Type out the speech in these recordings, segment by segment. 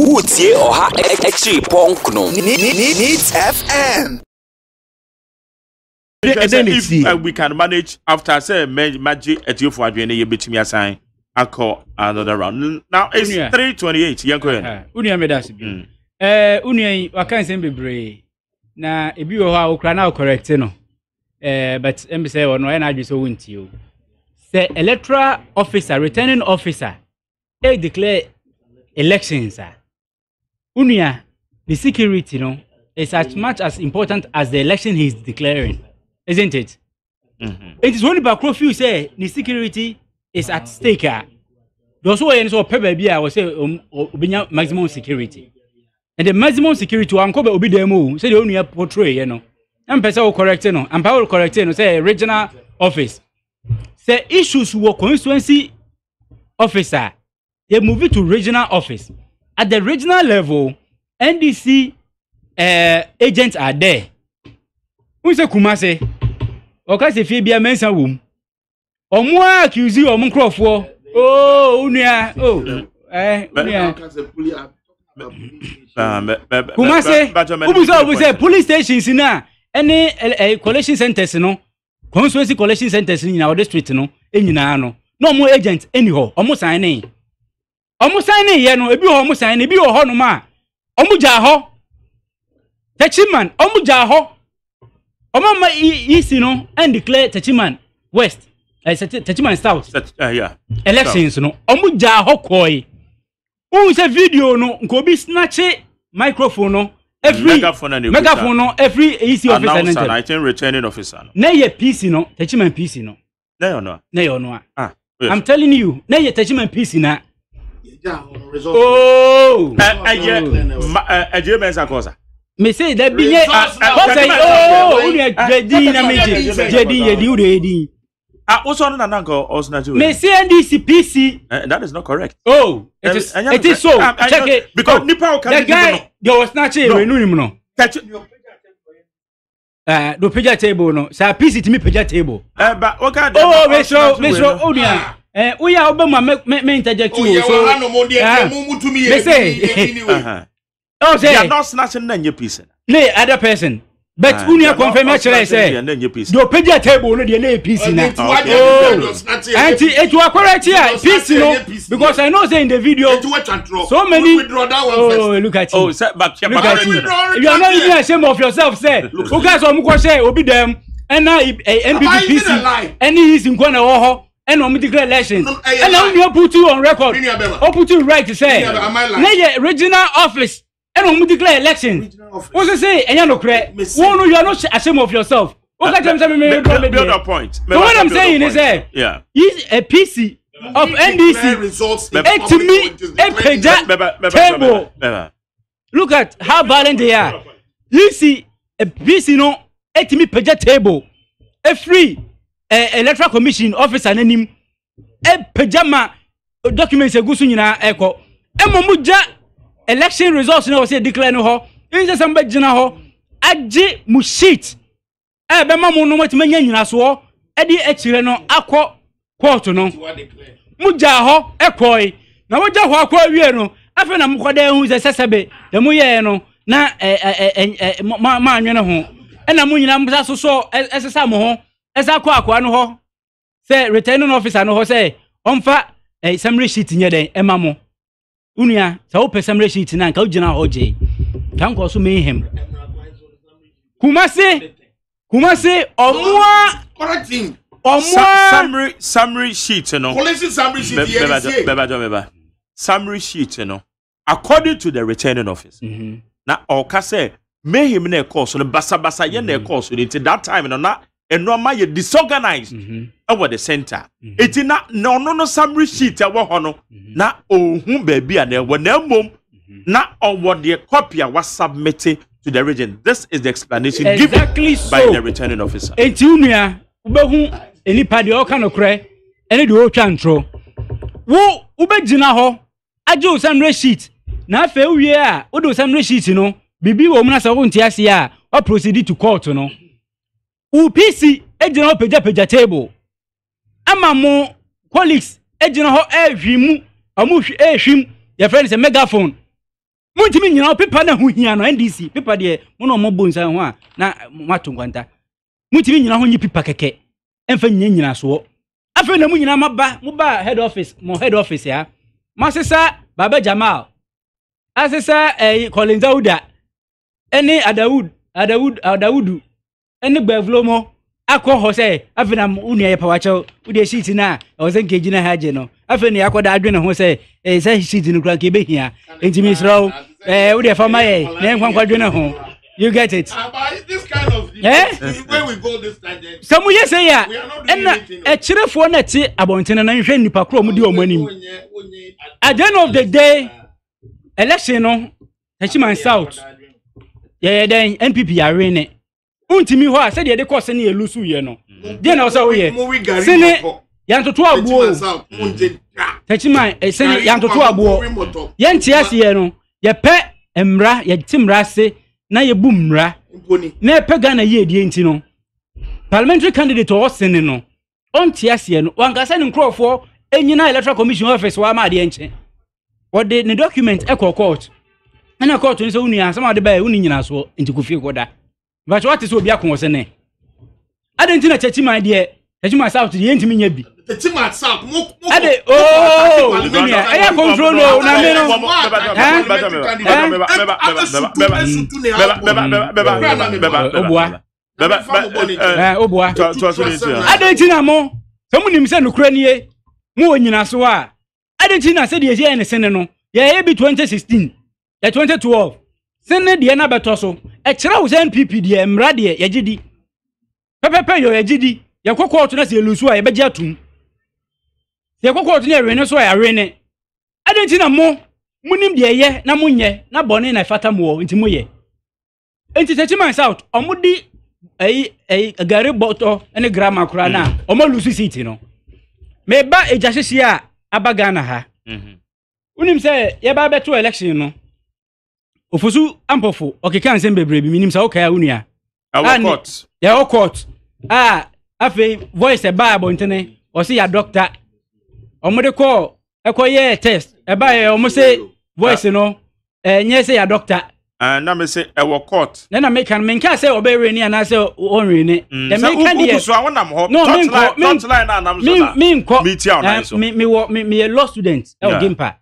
wotie ɔha akyiri pɔnkno needs fm if uh, we can manage after say magye atiefo adwene no yɛbɛtumi asan akɔ another round now it's 328 yɛnkɔ yɛ Unia wonua meda se bi wonua yi waka nsɛm bebree na ebi wɔ hɔ a wokora na wokɔrɛkte no uh, but ɛmbi sɛ wɔ no ɔyɛ n'adwe sɛ wontie o sɛ electoral officer returning officer ɛ e declare elections a Unia, the security, no, is as much as important as the election he is declaring, isn't it? Mm-hmm. It is only by curfew say the security is at stake. Ah. Those who are in so paper be I will say um obinya maximum security. And the maximum security one kobe obi demo say the only portray, you know. I'm person will correct no, and power correct no, say regional office. Say issues were constituency officer, they move it to regional office at the regional level ndc uh, eh, agents are there n sɛ kumase ɔka sɛ fie bia mɛnsa wɔ mu ɔmo a accuse ɔmo nkurɔfoɔ ooo onua o ɛɛ onua kumase obusa obusa police stations na ɛne eh, eh, collection centers no constituency collection centers nyinaa ɔde street no nyinaa no na ɔmo agent ɛni hɔ ɔmo sign in ɔmo san ne yɛ no ebi wɔ hɔ ɔmo san ne ebi wɔ hɔ nom a ɔmo gyaa hɔ tɛkyiman ɔmo gyaa hɔ ɔmo ama ec no ɛn declare tɛkyiman west ɛɛ eh, tɛkyiman south eh, elections no ɔmo gyaa hɔ kɔɔe ohun sɛ video no nka obi snatche microphone no every megaphone no every ec officer ne ntɛm ne yɛ pc no tɛkyiman pc no ne yɛ ah a i'm telling you ne yɛ tɛkyiman pc na ooo ẹyẹ ẹjẹ bẹ n san kọ sa. mese dẹ bi ye kọsẹ ooo o de jẹdi na mi jẹ jẹdi yẹdi o de ye ah o sọ nana nan kọ ọsùn àti o. ndc pc. Eh, that is not correct. oh it eh, is eh, it is so check it. because nipa guy they were snatching èrò inú ni mu nọ do pagya table no saa pc tumi pagya table. ẹ ba o ka de. o mesoro mesoro o nua ẹ wúyà ọbẹ mu a mẹ mẹ interject wo so oyè wà hànú mu di ẹkẹ mu mu tumi yẹ ẹbi ni wẹ. ọ sẹ yà nọọsì náà ṣe ń nànyẹ pèsè. ne other person but wúni ẹ kọnfẹ mẹ kyerẹ sẹ do pejì table ní diẹ ní pc na ẹnti etu a pc oh. no eh, because i know say in the video so many oh look at you oh, look at you you are not even ashamed of yourself sẹ o ká sọ ọmú kọ sẹ obi dẹm ẹnna npp pc ẹni yìí sì nkọ na ẹwọ họ ɛna ɔmo declare election ɛna ɔmo yɛ putu on record Put you right to sɛ ne yɛ regional office ɛna ɔmo declare election wosɛ sɛ ɛnyɛ nokorɛ wɔn no you are not ashamed of yourself wosɛ kyɛm sɛ mímí dɔn mi diɛ so what i'm saying is sɛ Is a pc of ndc etimi epagya table look at how violent they are You see, pc pc no etimi pagya table a free. Eh, electoral commission officer n'anim epagya eh, ma documents egu so nyinaa ɛkɔ eh, ɛmɔ mu election results na wɔsɛ declare no hɔ nsɛ sɛ mbɛgyina hɔ agye mu sheet a ɛbɛma mu no wɔtumi anya nyinasoɔ ɛde akyire no akɔ court no na wɔgya hɔ akɔ awie no afei na mokɔda ehu sɛ sɛsɛbe dɛm na ho mu mo ɛsa kɔ akoa no hɔ sɛ returning officer no hɔ sɛ ɔmfa eh, summary sheet nyɛ dɛn ɛma mo wonua sɛ wopɛ summary sheet no a nka wogyina hɔ gyee ka nkɔ so mayhem kumase kumase ɔmoa ɔmoa summary sheet no bɛbɛbɛbɛ summary sheet no according to the returning office mm -hmm. na ɔka sɛ mehem na ɛkɔɔ so no basabasa yɛ na ɛkɔɔ mhm. so no nti that time no na nneɛma yɛ disorganized mhm. ɛwɔ the center mhm. eti na na ɔno no summary sheet ɛwɔ hɔ no mhm. na ohun baabi a na ɛwɔ na mmom na ɔwɔ deɛ copy a wasubmit to the region this is the explanation exactly given so. by the returning officer. eti nua wobɛhu nipa deɛ ɔka no korɛ ɛne deɛ ɔretwa ntorɔ wo wobɛgyina hɔ agye wo summary sheet na afei wowie a wode wo summary sheet no biribi wɔ mu na sɛ wonte aseɛ a ɔprocedi to court no. wo pc e gyina hɔ pagyapagya table ama mo colleagues e gyina hɔ ɛhwi e mu ɔmo ɛhwi mu yɛfrɛ no sɛ megaphone montumi nyina wo pepa no ho hia no ndc pepa deɛ mo na ɔmɔbɔ nsa ho a na moato nkwanta montumi nyina ho nye pepa kɛkɛ ɛmfa nyina nyinasoɔ afei na mo nyinaa maba ba head office mo head office ha moasesa baba jamal asesa ɛyi eh, colin dauda ɛne adawud adawud adawudu ɛne gbavulo mu akɔ hɔ sɛ afei na wo nua yɛ pawakyɛw wode sheet na a ɛwɔ sɛ ha gye no afei na yɛakɔda adwene ho sɛ sɛ sheet no kora nti enti mesrɛ wo wode ɛfa ma yɛ na yɛnkwankwa dwene ho You get it. sɛ moyɛ sɛ yi ɛna akyerɛfoɔ no te abɔntene no nhwɛ nnipa korɔ mu di ɔm anim at the end of the day election no tachiman south yɛyɛ dɛn npp yɛawe ne ntumi hɔ a sɛdeɛ de kɔɔ sene yɛlu so yɛ no mm. deɛ na ɔsɛ woyɛ sene yɛntoto aboɔ takyima sene yɛntoto aboɔ yɛnte aseɛ no yɛpɛ mmara yɛte mmara ase na yɛbu mmara na yɛpɛ ghana yie die nti no parliamentary candidate ɔwɔ sene no ɔnte aseɛ no wankasa ne nkurɔfoɔ ɛnyina electoral commission office wɔ ama adeɛ nkyɛn wɔde ne document ɛkɔ court ɛna court no sɛ wo nua asɛm a wode baɛ wo nyina soɔ nti kofie bàtɛ wate sɛ obi ako wɔ sɛ nɛ ade nti na kyɛkyi man deɛ kyɛkyi man south deɛ yɛntumi nya bi ade ooo ɛyɛ kɔntrol o na me no oboa oboa ade nti na mo sɛ mo nim sɛ nokora nie mo wɔ nyina so a ade nti na sɛdeɛ ɛsi yɛ ne sene no yɛyɛ bi 2016 yɛ 2012 sene die no abɛtɔ so ɛkyerɛ wo sɛ npp deɛ mmara deɛ yɛgye di pɛpɛpɛ yɛ yɛgye di yɛkɔ kɔɔto no sɛ yɛlu so a yɛbɛgye atom sɛ yɛkɔ na no yɛwene so a yɛawene ɛde nti na mo monim deɛ ɛyɛ na monyɛ na bɔne na ɛfata mo wɔ nti moyɛ nti sɛkyiman south ɔmode ɛyi ɛyi gari bɔtɔ ne grama koraa na ɔmo lusu siiti no mɛ ba egya hyehyɛ a aba ghana ha mhm. wonim sɛ yɛba abɛto election no. ofosu ampɔfo ɔkeka nsɛm bebree bi menim sɛ wokae a wo nua yɛwɔ court a afei voice ɛbaa abɔntene ɔse yɛ doctor ɔmode kɔɔ ɛkɔyɛɛ test ɛbaɛ ɔmo se voice no ɛnyɛ sɛ yɛ doctor na me se ɛwɔ court na na meka no mm, menka sɛ ɔbɛwere ni anaasɛ ɔnwere ni meka deɛ menkɔ mewɔ meyɛ law student ɛwɔ gampa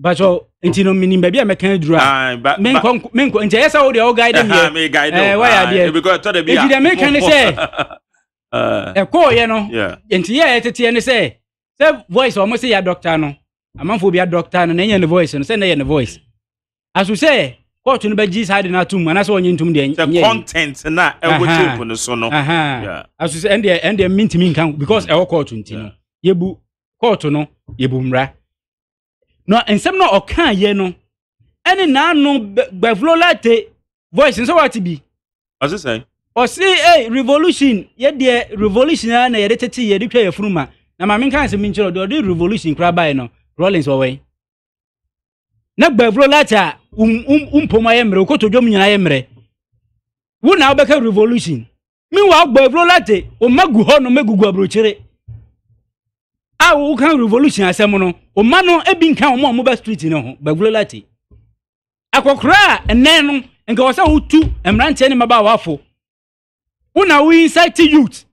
bàtò nti no minim baabi a mɛka aduru ah, a menkɔ menkɔ nti ɛyɛ sɛ wo eh, ah, deɛ wo guide mi yɛ wayɛ adeɛ eti deɛ meka ne sɛ ɛkɔɔyɛ no nti yɛ a yɛteteɛ ne sɛ sɛ voice a ɔmo se yɛ dɔkta no amanfoɔ bi a dɔkta no na ɛnyɛ ne voice no sɛ na ɛyɛ ne voice aso sɛ kóòtù no bɛgye saa de no atum anaasɛ wɔnyɛ ntum deɛ nyɛ yi content na ɛwɔ tape no so no aso sɛ ɛndeɛ ɛndeɛ mintimi nka because mm. ɛwɔ kóòtù nti no yɛbu kóòtù no yɛbu mmara No, nsɛm no ɔka yɛ no ɛne n'ano gbɛvulo late voice nso wate bi. ɔsi sɛn. ɔsi ee revolution yɛ deɛ revolution a na yɛde tete yɛde twa yɛ funuma na maame nka nsɛm nkyerɛ deɛ ɔde revolution kura baa no rollins wɔwɔ yi na gbɛvulo late a um, um, mpoma yɛ mmerɛ okoto dwom nyinaa yɛ mmerɛ wo na wobɛka revolution meanwhile gbɛvulo late o ma gu hɔ no ma gugu aburokyire. a kan revolution asem no ɔma no bi nka ɔma ɔmo ba street no ho bagulo lati akɔkora a ɛnɛn no nka wɔ sɛ wotu mmeranteɛ ne mmabaawafo wona wo incite youth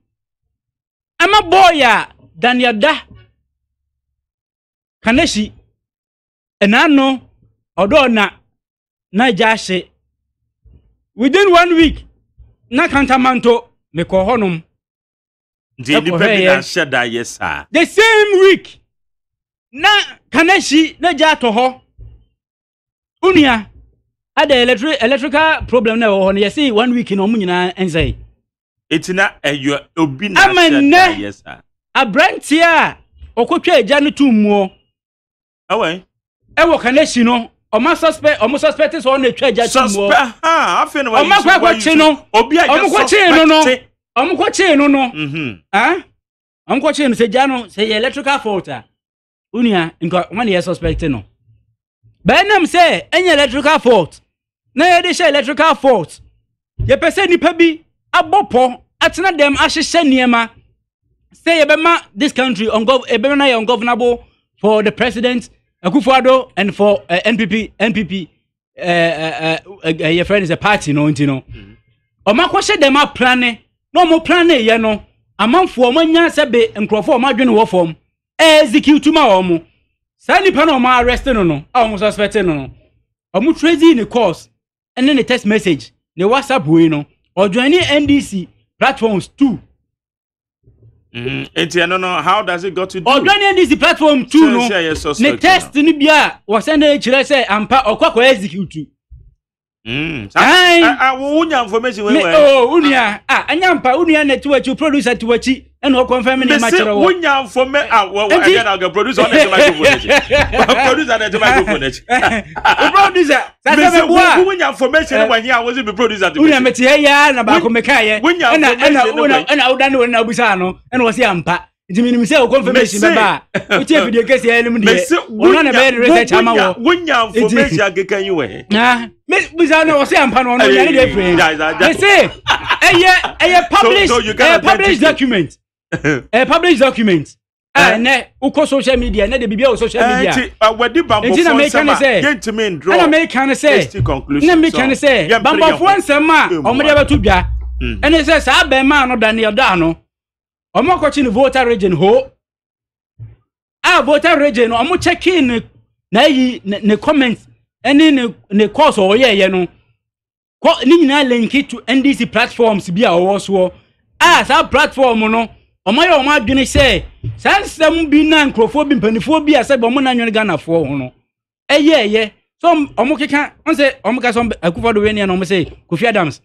ama bɔɔyɛ a daniada kanehyi ɛnaano ɔdɔɔ na na gya ahye within one week na kantamanto mekɔɔ hɔnom nti nipa bi na da yɛ saa. the same week na kanahyi na gya atɔ hɔ onua ada electric electrical problem na ɛwɔ hɔ no yɛsi one week na ɔmo nyinaa nsɛn. eti na ɛyɔ obi na ahyɛ da yɛ saa. aberanteɛ a ɔkotwa agya no tum muo. ɛwɔ ɛwɔ kanahyi no ọmọ suspect ọmọ suspect sọ ọ na-etwa ẹja tó mu ọ ọmọ akọ akọ kye no ọmọ akọ kye no no ɔmokɔkyee no no ɔmokɔkyee no sɛ gya no sɛ yɛ electrical fault a wonua nka ɔma ne yɛ suspect no bɛɛnam sɛ ɛnyɛ electrical fault na yɛde hyɛ electrical fault yɛpɛ sɛ nnipa bi abɔ pɔ atena dɛm ahyehyɛ nneɛma sɛ yɛbɛma this country ɛbɛma e yɛ ungovernable for the president akufuado and for uh, eh, npp npp uh, eh, uh, eh, uh, uh, yɛfrɛ no sɛ party no nti no ɔmakɔhyɛ mm-hmm. dɛm aprane na ɔmo plan ne yɛ no amanfoɔ ɔmo anya sɛbe nkurɔfoɔ ɔmo adwene wɔ fam ɛɛzikiri tuma wɔ ɔmo saa nipa na ɔmo arrest no no a ɔmo suspect no no ɔmo tracy ne calls ɛne ne text message ne whatsapp wei no ɔjoini ndc platforms two. Mm-hmm. nti ɛno no how does it got to do. ɔjoini ndc platform two no ne text Ni bi a wɔsɛn de kyerɛ sɛ ampa ɔkɔ akɔ execute. Mm. Ah, ah, ah, wonya information oh, wonua ɛnya mpa wonua na tiwakyi producer tiwakyi ɛna ɔkɔmfɛm ne makyerɛ wonya mfome awɛnaga producer ɔne producer ne microphone akyi producer wonya information ne eh. wahia wɔse me producer wonya mete ɛyɛ na baako mekaeɛ ɛna woda ne wɔ ne na wobisaa no ɛna wɔ sɛ pa nti minimu sɛ o confirmation bɛ ba o tiɛ fidie kese yɛ ɛnum deɛ ɔno na bɛyɛ de research ama wɔ wonya information akeka yi wɛ. na mɛ bisa na ɔsɛ ampa na ɔno yɛrɛ de efirɛ mɛ se ɛyɛ ɛyɛ publish ɛyɛ publish document ɛyɛ publish eh. document eh, ɛɛ ukɔ social media nɛ de bibi awɔ social eh, media nti awɛdi bambɔfo nsɛm a yɛntumi ndrɔ ɛna mɛ kan sɛ ɛna mɛ kan sɛ bambɔfo nsɛm a ɔmo de bɛ tu dwa ɛna sɛ saa bɛn maa no da ne ɛda ano ɔmo akɔkye voter region ho a voter region no ɔmo kyɛki ne n'ayi ne ne comment ɛne ne ne course a ɔyɛɛyɛ no kɔ ne nyinaa linki to ndc platforms bi a ɔwɔ soɔ a saa platform no ɔmo ayɛ ɔmo adwene sɛ saa nsɛm bi na nkurɔfoɔ bi mpanimfoɔ bi a sɛbi ɔmo nanwene ghanafoɔ ho no ɛyɛɛyɛ e so ɔmo keka ɔnsɛ ɔmo ka sɛ akufo do wɛnia na ɔmo sɛ kofi adams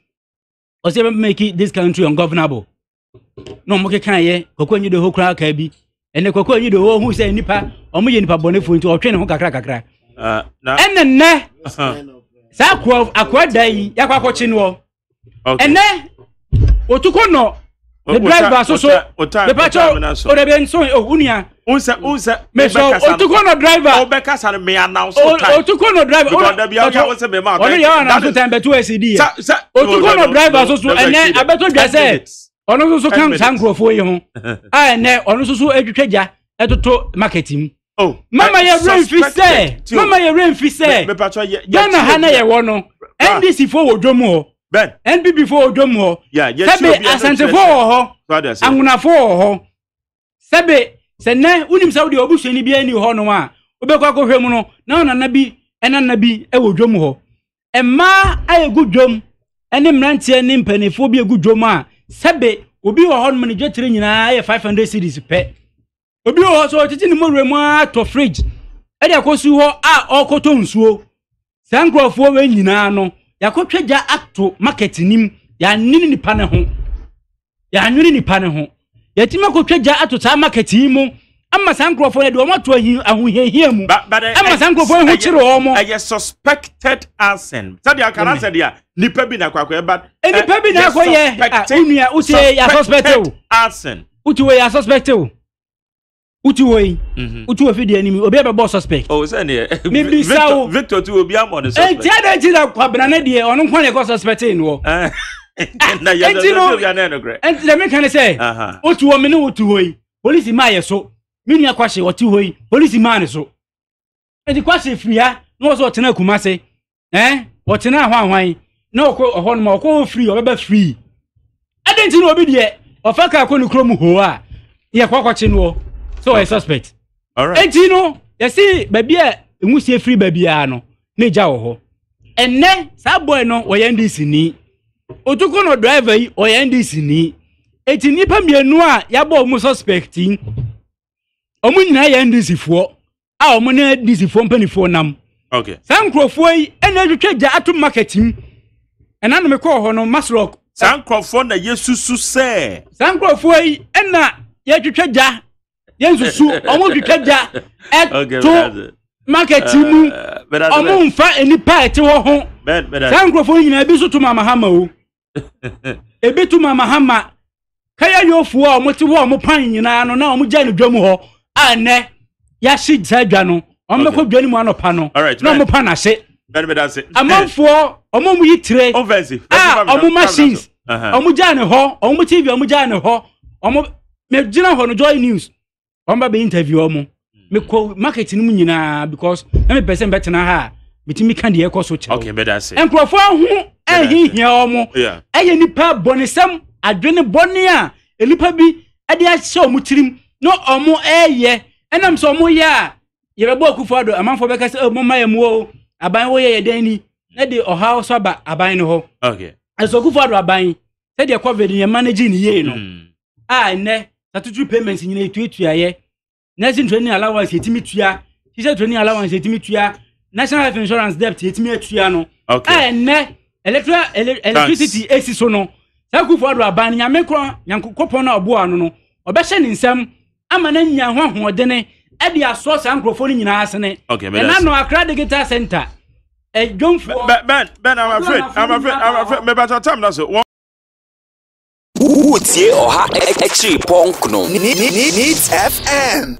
ɔsɛ make dis country ungovernable. na ɔmo kekaeɛ kɔkɔ anyi doho koraa aka bi ene kɔkɔ anyi doho ohu sɛ nipa ọmụ yɛ nipa bɔnefoɔ nti ɔtwe ne ho kakra kakra ɛnɛ nne. saa akɔ akɔ da yi yakɔ akɔkye no ɛnɛ otukɔ nɔ ne draiva soso pepa kyɛ ɔdɛbɛ nso ɔwunia unsɛ unsɛ draiva otukɔ nɔ driver ɔbɛkasa no mea na so time otukɔ nɔ driver ɔno yɛ di soso ɔno nso so kan saa nkurɔfoɔ yi ho a ɛnɛ ɔno nso so gya ɛtoto market mu oh, mama yɛ wura nfi sɛ mama yɛ wura nfi sɛ ghana ha na yɛwɔ no ah. ndc fo wɔ dwom hɔ npp fo wɔ dwom hɔ sɛbe asantefo wɔ hɔ anwonafo wɔ hɔ sɛbe sɛnɛ wonim sɛ wodeɛ ɔbusuani bi ani hɔ nom a wobɛkɔ akɔhwɛ mu no na ɔnana bi ɛnana bi ɛwɔ dwom hɔ mmaa ayɛgu dwom ɛne mmeranteɛ ne mpanimfoɔ bi ɛgu dwom a sɛbe obi wɔ hɔ nom ne dwetire nyinaa yɛ 500 series pɛ obi wɔ hɔ so ɔtete ne mɔwura mu atɔ fridge ɛde akɔsi hɔ a ɔrekɔtɔ nsuo saa nkurɔfoɔ wei nyinaa no yɛakɔtwa gya ato market nim yɛanwene nipa ne ho yɛanwene nipa ne ho yɛtumi akɔtwa gya ato saa market yi mu ama saa nkurɔfoɔ yɛ de wɔn ato ahohiahia mu eh, ama saa nkurɔfoɔ ehu kyerɛ wɔn mo. ɛyɛ eh, eh, suspected arson sadi aka na sadi a nipa bi na akɔ akɔ yɛ ba. nipa bi na akɔ yɛ ah, a onua uti yɛ suspected o uti wɔ yɛ suspected o uti wɔ yi mhm. uti wɔ fidie anim obi abɛbɔ suspect. o oh, sɛ ne yɛ mi bi sa o victor ti obi amɔ ne suspect. nti adan ti na kwabena ne deɛ ɔno nkwa na yɛ kɔ suspect yi no. nti no nti dɛmi kan sɛ otu wɔ mi ne otu wɔ yi polisi maa yɛ so me nua kwahye wɔte hɔ yi polisi maa ne so nti kwahye firi ha na e wɔ sɛ ɔtena akuma se ɛn ɔtena ahwanhwan na ɔkɔ ɔhɔ no ma ɔkɔ hɔ firi ɔbɛba firi ɛde nti na obi deɛ ɔfa kaa kɔ ne kurom hoo a yɛ kɔkɔkye no sɛ ɔyɛ suspect nti no yɛsi baabi a nwusie firi baabiara no na egya wɔ hɔ ɛnɛ saa boy no ɔyɛ ndc ni otukun no driver yi ɔyɛ ndc ni eti nipa mmienu a yabɔ ɔmo suspect yi. ọmụ nyinaa ya ndc foɔ a ɔmo ne ndc foɔ mpanimfoɔ nam saa nkurɔfoɔ yi ɛna atwitwa gya ato market mu ɛna nom kɔɔ hɔ no maslok saa nkurɔfoɔ na susu sɛ saa nkurɔfoɔ yi ɛna yɛtwitwa gya yɛnsusu ɔmo twitwa gya ɛto market mu uh, uh, ɔmo nfa nipa a ɛte hɔ ho saa nkurɔfoɔ yi nyinaa ebi nso to mama hama o ebi to mama hama kaya yɔfoɔ a ɔmo te hɔ a ɔmo pan nyinaa no na ɔmo gya ne dwam hɔ. a nɛ yasi saa dwa no ɔmo bɛ kɔ dwa ne mu anɔpa no na ɔmo pa n'ase amanfoɔ ɔmo mu yi tire a ɔmo machines uh-huh. ɔmo gya ne hɔ ɔmo tv ɔmo gya ne hɔ ɔmo mɛ gyina hɔ no joy news ɔmo ba bɛ interview ɔmo mɛ hmm. kɔ market no mu nyinaa because ɛmɛ pɛ sɛ mbɛ tena ha mɛ ti mi ka deɛ ɛkɔ so kyerɛ nkurɔfoɔ ahu ɛyihia ɔmo ɛyɛ nipa bɔnisɛm adwene bɔni nipa bi ɛde ahyɛ ɔmo tirim na ɔmo ɛɛyɛ ɛnam sɛ ɔmo yɛ a yɛbɛbɔ akufo ado amanfo bɛka sɛ ɔmo oh, ma yɛ mu o aban wɔyɛ yɛ dɛn ni na de ɔhaw so aba aban no hɔ ɛsɛ akufo ado aban sɛdeɛ covid yɛ manage hmm. ne yie no a nnɛ statutory payment nyina yɛtuatua yɛ nursing training allowance yɛtumi tua teacher training allowance yɛtumi tua national health insurance debt yɛtumi atua no a nnɛ electoral electricity esi so no saa akufo ado aban nyame korɔ nyankopɔn na ɔboa no no ɔbɛhyɛ ne nsɛm ama na nya ho ahoɔdene ɛde asoɔ saa nkurɔfoɔ no nyinaa sene ɛna no akra digital center ɛdwomfoɔ ben ben i'm afraid i'm afraid i'm afraid na so wotie ɔha akyiri pɔnkno needs fm